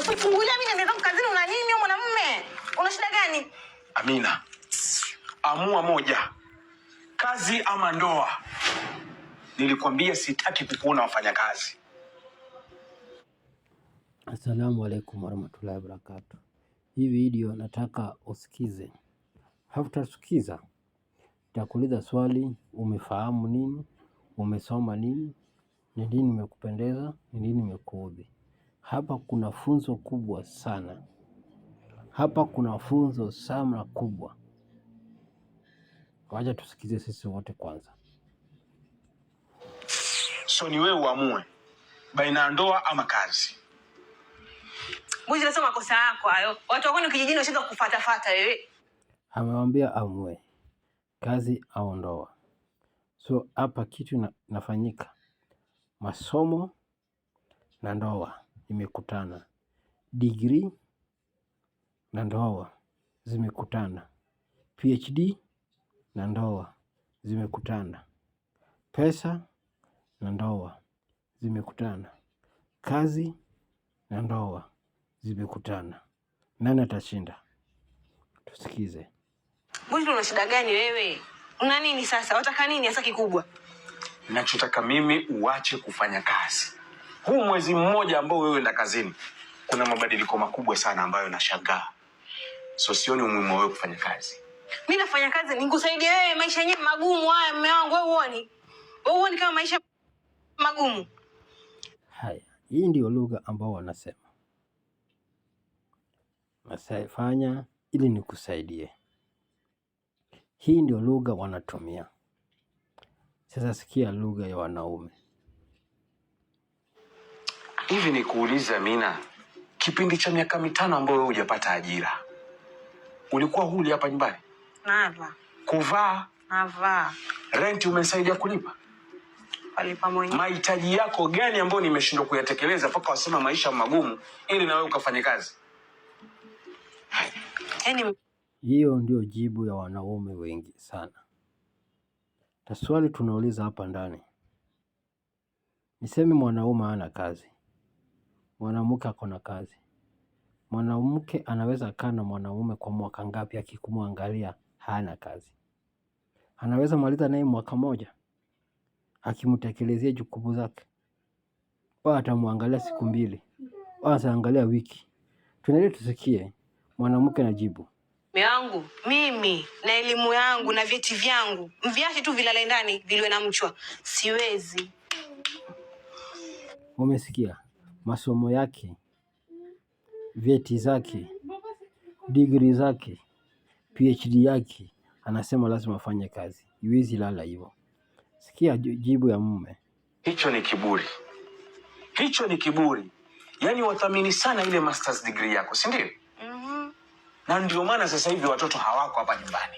Usifungulia mimi niende zangu kazini, una nini mwanamume? Una shida gani? Amina, amua moja, kazi ama ndoa. Nilikwambia sitaki kukuona wafanyakazi. Assalamu alaikum warahmatullahi wabarakatu. Hii video nataka usikize, hautasikiza takuuliza swali, umefahamu nini? Umesoma nini? Ni nini imekupendeza? Ni nini imekuudhi? Hapa kuna funzo kubwa sana. Hapa kuna funzo sana kubwa. Wacha tusikize sisi wote kwanza. So ni wewe uamue baina ya ndoa ama kazi. Mwizi, nasema makosa yako hayo. Watu wako kijijini washaanza kufatafata wewe. Amewambia amue kazi au ndoa. So hapa kitu na, nafanyika masomo na ndoa imekutana. Degree na ndoa zimekutana. PhD na ndoa zimekutana. Pesa na ndoa zimekutana. Kazi na ndoa zimekutana. Nani atashinda? Tusikize. Bunju, una shida gani wewe? Una nini sasa? Wataka nini hasa kikubwa? Nachotaka mimi uache kufanya kazi huu mwezi mmoja ambao wewe enda kazini, kuna mabadiliko makubwa sana ambayo nashangaa. So sioni umuhimu wewe kufanya kazi. Mi nafanya kazi nikusaidia wewe, maisha yenyewe magumu haya, mme wangu. we uoni, we uoni kama maisha magumu haya? Hii ndio lugha ambao wanasema nasafanya ili nikusaidie. Hii ndio lugha wanatumia sasa. Sikia lugha ya wanaume. Hivi nikuulize Amina, kipindi cha miaka mitano ambayo wewe hujapata ajira ulikuwa huli hapa nyumbani? Nava. Kuvaa? Nava. Renti umesaidia kulipa? Walipa mwenyewe. Mahitaji yako gani ambayo nimeshindwa kuyatekeleza mpaka wasema maisha magumu ili na wewe ukafanye kazi? Yaani Hiyo ndio jibu ya wanaume wengi sana, na swali tunauliza hapa ndani, niseme mwanaume hana kazi Mwanamke ako na kazi. Mwanamke anaweza kaa na mwanaume kwa mwaka ngapi akikumwangalia hana kazi? Anaweza maliza naye mwaka moja akimtekelezea jukumu zake, wala atamwangalia siku mbili, wa ataangalia wiki. Tunaelewa, tusikie mwanamke anajibu yangu mimi na elimu yangu na vyeti vyangu mviache tu vilale ndani viliwe na mchwa, siwezi. Umesikia? masomo yake, vyeti zake, degree zake, PhD yake, anasema lazima afanye kazi, iwezi lala hivyo. Sikia jibu ya mume, hicho ni kiburi, hicho ni kiburi. Yaani wathamini sana ile masters degree yako, si ndio? mm -hmm. Na ndio maana sasa hivi watoto hawako hapa nyumbani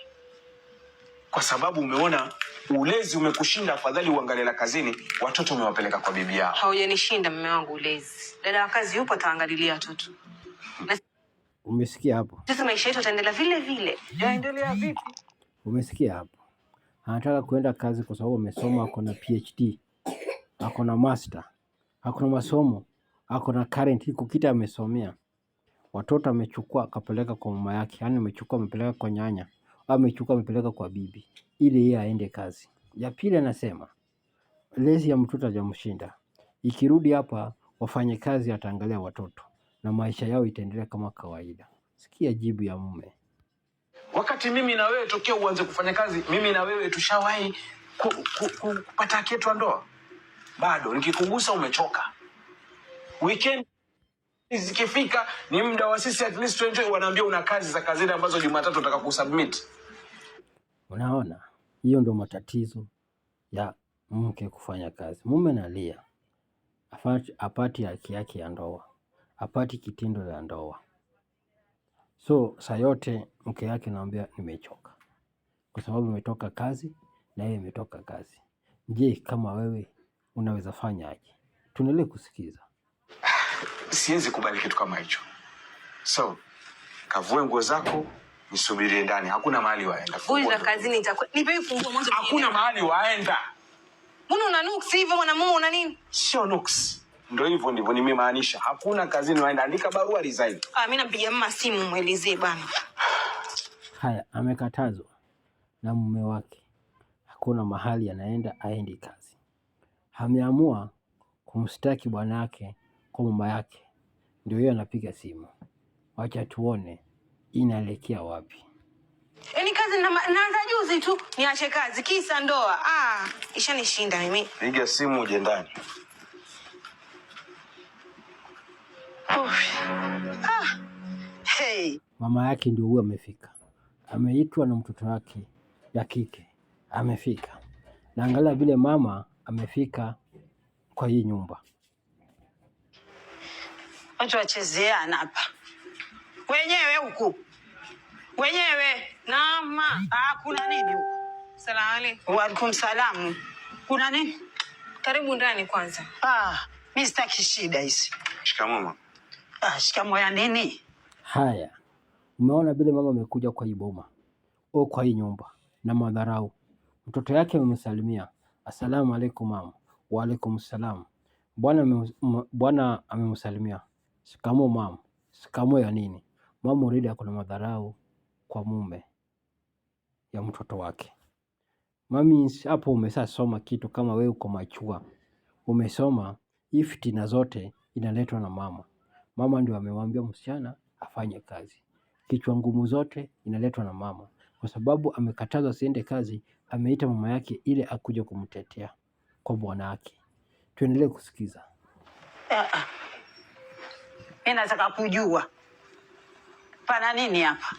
kwa sababu umeona ulezi umekushinda, afadhali uangalie la kazini, watoto umewapeleka kwa bibi yao. Haujanishinda mume wangu, ulezi. Dada wa kazi yupo, ataangalilia watoto. Umesikia hapo? Sasa maisha yetu ataendelea vile vile. Yaendelea vipi? Umesikia hapo? Anataka kuenda kazi kwa sababu amesoma, ako na PhD, ako na master, ako na masomo, ako na current, iko kita amesomea. Watoto amechukua akapeleka kwa mama yake, yani amechukua amepeleka kwa nyanya amechukua amepeleka kwa bibi ili yeye aende kazi. Ya pili anasema lezi ya mtoto hajamshinda, ikirudi hapa kazi ataangalia watoto na maisha yao itaendelea kama kawaida. Sikia jibu ya mume. Wakati mimi na wewe tokea uanze kufanya kazi, mimi na wewe tushawahi kupata ku, yetu kitu ndoa? Bado nikikugusa umechoka. Weekend zikifika ni muda wa sisi at least tuenjoy, wanaambia una kazi za kazini ambazo Jumatatu nataka kusubmit. Unaona, hiyo ndio matatizo ya mke kufanya kazi. Mume nalia apati haki yake ya ndoa, apati kitindo ya ndoa. So saa yote mke yake naambia nimechoka, kwa sababu imetoka kazi na yeye imetoka kazi. Je, kama wewe unaweza fanyaje? Tuendelee kusikiza siwezi kubali kitu kama hicho. So kavue nguo zako nisubirie ndani, hakuna mahali waenda. kazini nipe funguo mwanzo. Hakuna mahali waenda. Mbona una nuks hivyo mwanamume, una nini? Sio nuks. Ndio hivyo ndivyo nimemaanisha. Hakuna kazini waenda, andika barua resign. Ah, mimi nampigia mama simu mwelezee bwana. Haya, amekatazwa na mume wake, hakuna mahali anaenda aende kazi. Ameamua kumstaki bwanake kwa mama yake, ndio yeye anapiga simu. Wacha tuone inaelekea wapi. Yaani kazi naanza juzi tu, niache kazi kisa ndoa. Ah, ishanishinda mimi. Piga simu uje ndani. Ah, hey. Mama yake ndio huyo amefika, ameitwa na mtoto wake ya kike amefika, na angalia vile mama amefika kwa hii nyumba watu wachezeana hapa wenyewe huku wenyewe nama. Ah, kuna nini Salamu alaykum. Wa alaykum Kuna nini? Karibu ndani kwanza. Ah, mimi sitaki shida hizi. Shikamoo mama. Ah, shikamoo ya nini? Haya, umeona vile mama amekuja kwa hii boma au kwa hii nyumba na madharau, mtoto yake amemsalimia asalamu alaykum mama. Wa alaykum salam. Bwana bwana amemsalimia Shikamo mam. Shikamo ya nini? Mama already ako na madharau kwa mume ya mtoto wake. Mami, hapo umeshasoma kitu kama wewe uko machua. Umesoma hii fitina zote inaletwa na mama. Mama ndio amemwambia msichana afanye kazi. Kichwa ngumu zote inaletwa na mama, kwa sababu amekatazwa asiende kazi, ameita mama yake ili akuje kumtetea kwa bwana wake. Tuendelee kusikiza. Ah, ah. Mimi nataka kujua pana nini hapa.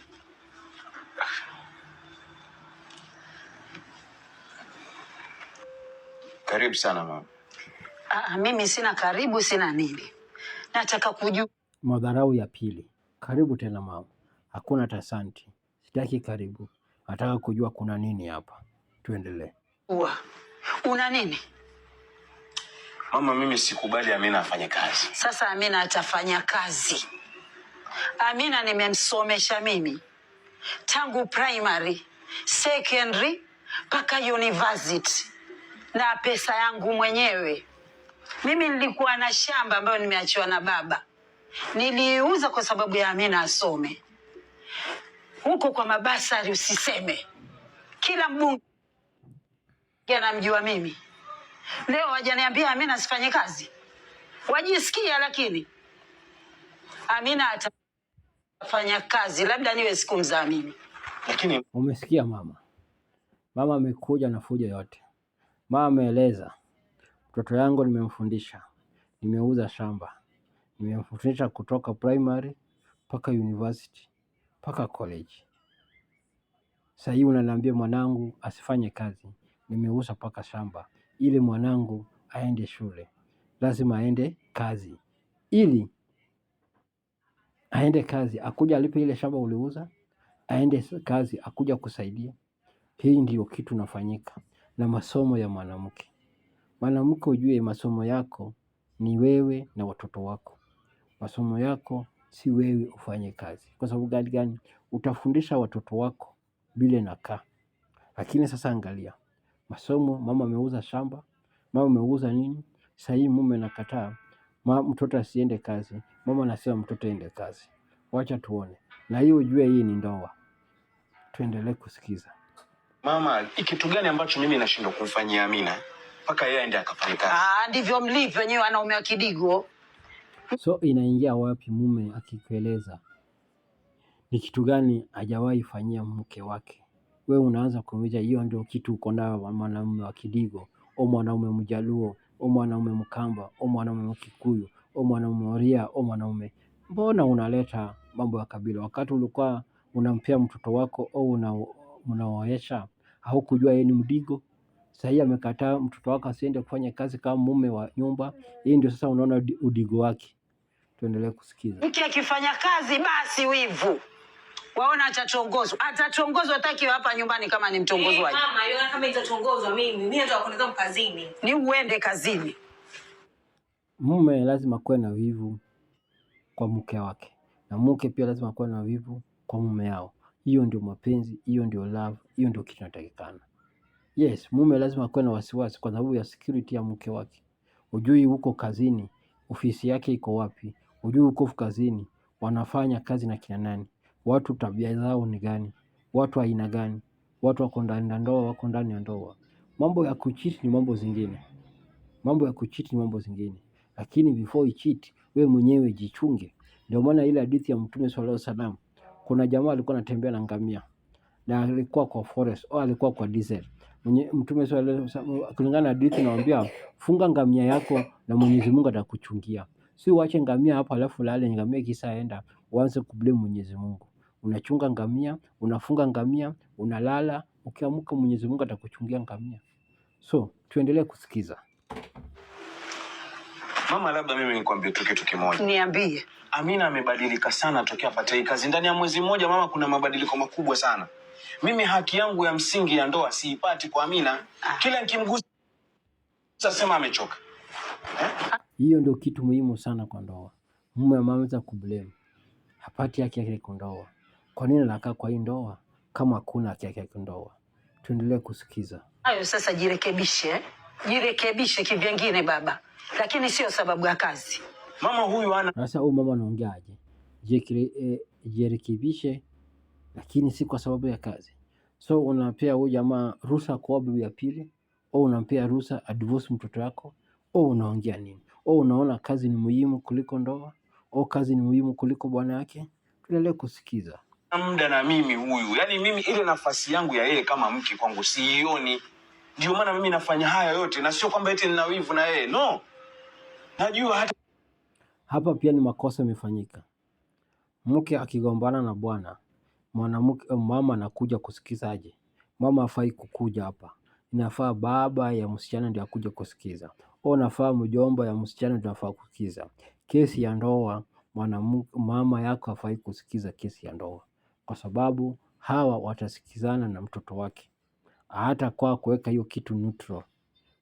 Karibu sana mama. Aa, ah, ah, mimi sina karibu, sina nini, nataka kujua. Madharau ya pili, karibu tena mama. Hakuna tasanti, sitaki karibu, nataka kujua kuna nini hapa. Tuendelee. Una nini? Mama, mimi sikubali Amina afanye kazi. Sasa Amina atafanya kazi. Amina nimemsomesha mimi tangu primary, secondary mpaka university na pesa yangu mwenyewe. Mimi nilikuwa na shamba ambayo nimeachiwa na baba, niliuza kwa sababu ya Amina asome huko kwa mabasari. Usiseme kila mbunge anamjua mimi. Leo wajaniambia Amina asifanye kazi, wajisikia, lakini Amina atafanya kazi, labda niwe siku mzaa mimi. Lakini umesikia mama, mama amekuja na fujo yote. Mama ameeleza, mtoto yangu nimemfundisha, nimeuza shamba, nimemfundisha kutoka primary mpaka university mpaka college. Sasa hii unaniambia mwanangu asifanye kazi, nimeuza mpaka shamba ili mwanangu aende shule, lazima aende kazi, ili aende kazi akuja alipe ile shamba uliuza, aende kazi akuja kusaidia. Hii ndiyo kitu nafanyika na masomo ya mwanamke. Mwanamke ujue, masomo yako ni wewe na watoto wako, masomo yako si wewe ufanye kazi. Kwa sababu gani gani? Utafundisha watoto wako bila nakaa. Lakini sasa angalia, masomo, mama ameuza shamba, mama ameuza nini. Sasa hii mume nakataa, mama mtoto asiende kazi, mama anasema mtoto aende kazi. Wacha tuone, na hiyo ujue hii ni ndoa. Tuendelee kusikiza. Mama, kitu gani ambacho mimi nashindwa kumfanyia Amina mpaka yeye aende akafanye kazi? Ah, ndivyo mlivyo wenyewe wanaume wa Kidigo. So inaingia wapi mume akikueleza ni kitu gani hajawahi fanyia mke wake? we unaanza kuonyesha hiyo ndio kitu uko nayo mwanaume wa Kidigo au mwanaume Mjaluo au mwanaume Mkamba au mwanaume Mkikuyu au mwanaume Oria au mwanaume. Mbona unaleta mambo ya kabila wakati ulikuwa unampea mtoto wako au unaoesha haukujua yeye ni Mdigo? Sahii amekataa mtoto wako asiende kufanya kazi kama mume wa nyumba. Hii ndio sasa unaona udigo wake. Tuendelee kusikiza. Mke akifanya kazi basi wivu waona atatongozwa, atatongozwa takiwa hapa nyumbani kama ni mtongozwaji. Hey, eh, mama, yona kama itatongozwa mimi, mimi ndio nakwenda kazini. Ni uende kazini. Mume lazima kuwe na wivu kwa mke wake na mke pia lazima kuwe na wivu kwa mume wao. Hiyo ndio mapenzi, hiyo ndio love, hiyo ndio kitu kinachotakikana. Yes, mume lazima kuwe na wasiwasi kwa sababu ya security ya mke wake. Ujui huko kazini ofisi yake iko wapi, ujui huko kazini wanafanya kazi na kina nani watu tabia zao ni gani, watu aina gani, watu wako ndani ya ndoa, wako ndani ya ndoa. Mambo ya kuchiti ni mambo zingine, mambo ya kuchiti ni mambo zingine, lakini before you cheat, wewe mwenyewe jichunge. Ndio maana ile hadithi ya Mtume sallallahu alaihi wasallam, kuna jamaa alikuwa anatembea na ngamia na alikuwa kwa forest au alikuwa kwa desert. Mwenye Mtume swalla kulingana na hadithi naambia, funga ngamia yako na Mwenyezi Mungu atakuchungia. Si uache ngamia hapo alafu lale ngamia, kisaenda uanze kublame Mwenyezi Mungu unachunga ngamia, unafunga ngamia, unalala, ukiamka Mwenyezi Mungu atakuchungia ngamia. So tuendelee kusikiza. Mama, labda mimi nikwambie tu kitu kimoja. Niambie. Amina amebadilika sana tokea apata hii kazi. Ndani ya mwezi mmoja, mama, kuna mabadiliko makubwa sana. Mimi haki yangu ya msingi ya ndoa siipati kwa Amina. Ah. Kila nikimgusa sasema amechoka. Eh? Hiyo Ndio kitu muhimu sana kwa ndoa. Mume ameweza kublame, hapati haki yake kwa ndoa. Kwa nini anakaa kwa hii ndoa kama hakuna haki yake ya kindoa? Tuendelee kusikiza hayo. Sasa jirekebishe, eh? jirekebishe kivyengine baba, lakini sio sababu ya kazi. Mama huyu ana sasa, huyu mama anaongeaje? Eh, jirekebishe, lakini si kwa sababu ya kazi. So unampea huyu jamaa ruhusa kwa bibi ya pili, au unampea ruhusa adivorce mtoto wako, au unaongea nini? Au unaona kazi ni muhimu kuliko ndoa, au kazi ni muhimu kuliko bwana yake? Tuendelee kusikiza muda na mimi huyu, yaani mimi ile nafasi yangu ya yeye kama mke kwangu siioni. Ndio maana mimi nafanya haya yote, na sio kwamba eti nina wivu na yeye, no, najua hata hapa pia ni makosa imefanyika. Mke akigombana na bwana mwanamke, mama anakuja kusikizaje? Mama afai kukuja hapa, inafaa baba ya msichana ndio akuja kusikiza, au nafaa mjomba ya msichana ndio afaa kusikiza. Kesi ya ndoa mwanamke, mama yako afai kusikiza kesi ya ndoa kwa sababu hawa watasikizana na mtoto wake. Hata kwa kuweka hiyo kitu neutral,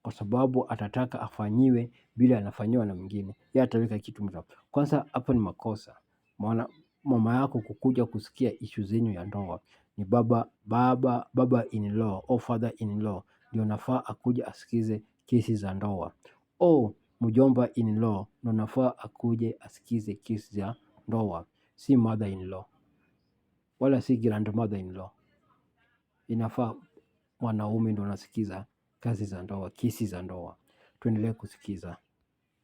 kwa sababu atataka afanyiwe bila anafanyiwa na mwingine, yeye ataweka kitu neutral. Kwanza hapo ni makosa maana mama yako kukuja kusikia ishu zenyu ya ndoa ni baba, baba, baba in law au father in law ndio nafaa akuja asikize kesi za ndoa, au mjomba in law ndio nafaa akuje asikize kesi za ndoa, si mother in law wala si grandmother in law. Inafaa mwanaume ndo anasikiza kazi za ndoa, kesi za ndoa. Tuendelee kusikiza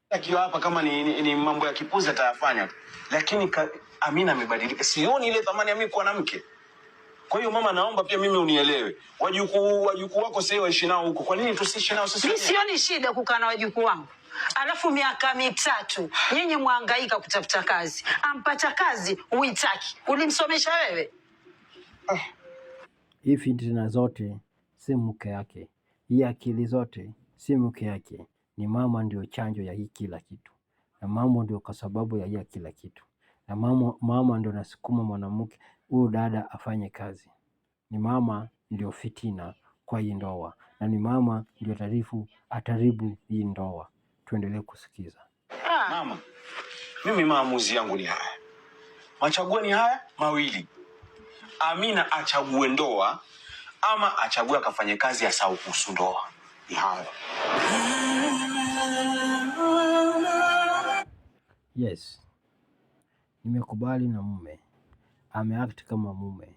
akiwa hapa kama ni, ni, ni mambo ya kipuzi atayafanya tu, lakini ka, Amina amebadilika, sioni ile thamani ya mimi kuwa na mke. Kwa hiyo mama, naomba pia mimi unielewe. Wajukuu wajukuu wako sasa waishi nao huko, kwa nini tusiishi nao sisi? Mimi sioni shida kukaa na wajukuu wangu alafu miaka mitatu nyinyi mwangaika kutafuta kazi, ampata kazi uitaki, ulimsomesha wewe eh. Hii fitina zote si mke yake, hii akili zote si mke yake, ni mama ndio chanjo ya hii kila kitu, na mama ndio kwa sababu ya hii kila kitu, na mama, mama ndio nasukuma mwanamke huyu dada afanye kazi, ni mama ndio fitina kwa hii ndoa, na ni mama ndio tarifu ataribu hii ndoa tuendelee kusikiza. Ah. mama, mimi maamuzi yangu ni haya, machaguo ni haya mawili. Amina achague ndoa ama achague akafanye kazi ya sau kuhusu ndoa, ni hayo. Yes, nimekubali na mume ameakti kama mume,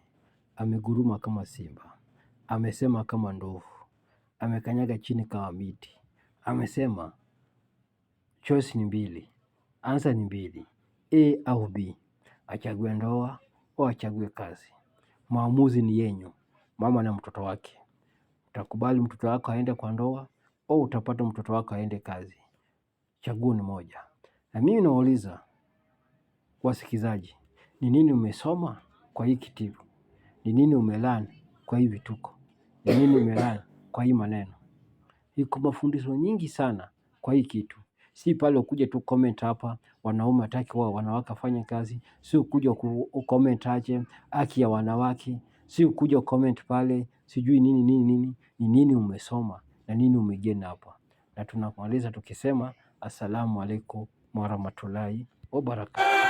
ameguruma kama simba, amesema kama ndovu, amekanyaga chini kama miti, amesema Choice ni mbili, answer ni mbili, A au B. Achague ndoa au achague kazi. Maamuzi ni yenyu, mama na mtoto wake. Utakubali mtoto wako aende kwa ndoa au utapata mtoto wako aende kazi. Chaguo ni moja. Na mimi nawauliza wasikizaji, ni nini umesoma kwa hii kitivo? Ni nini umelearn kwa hii vituko? Ni nini umelearn kwa hii maneno? Iko mafundisho nyingi sana kwa hii kitu si pale ukuje tu comment hapa, wanaume hataki wao wanawake fanye kazi, si ukuja comment aje haki ya wanawake, si ukuja comment pale sijui nini nini nini. Ni nini umesoma na nini umegeni hapa? Na tunamaliza tukisema assalamu alaikum warahmatullahi wabarakatuh.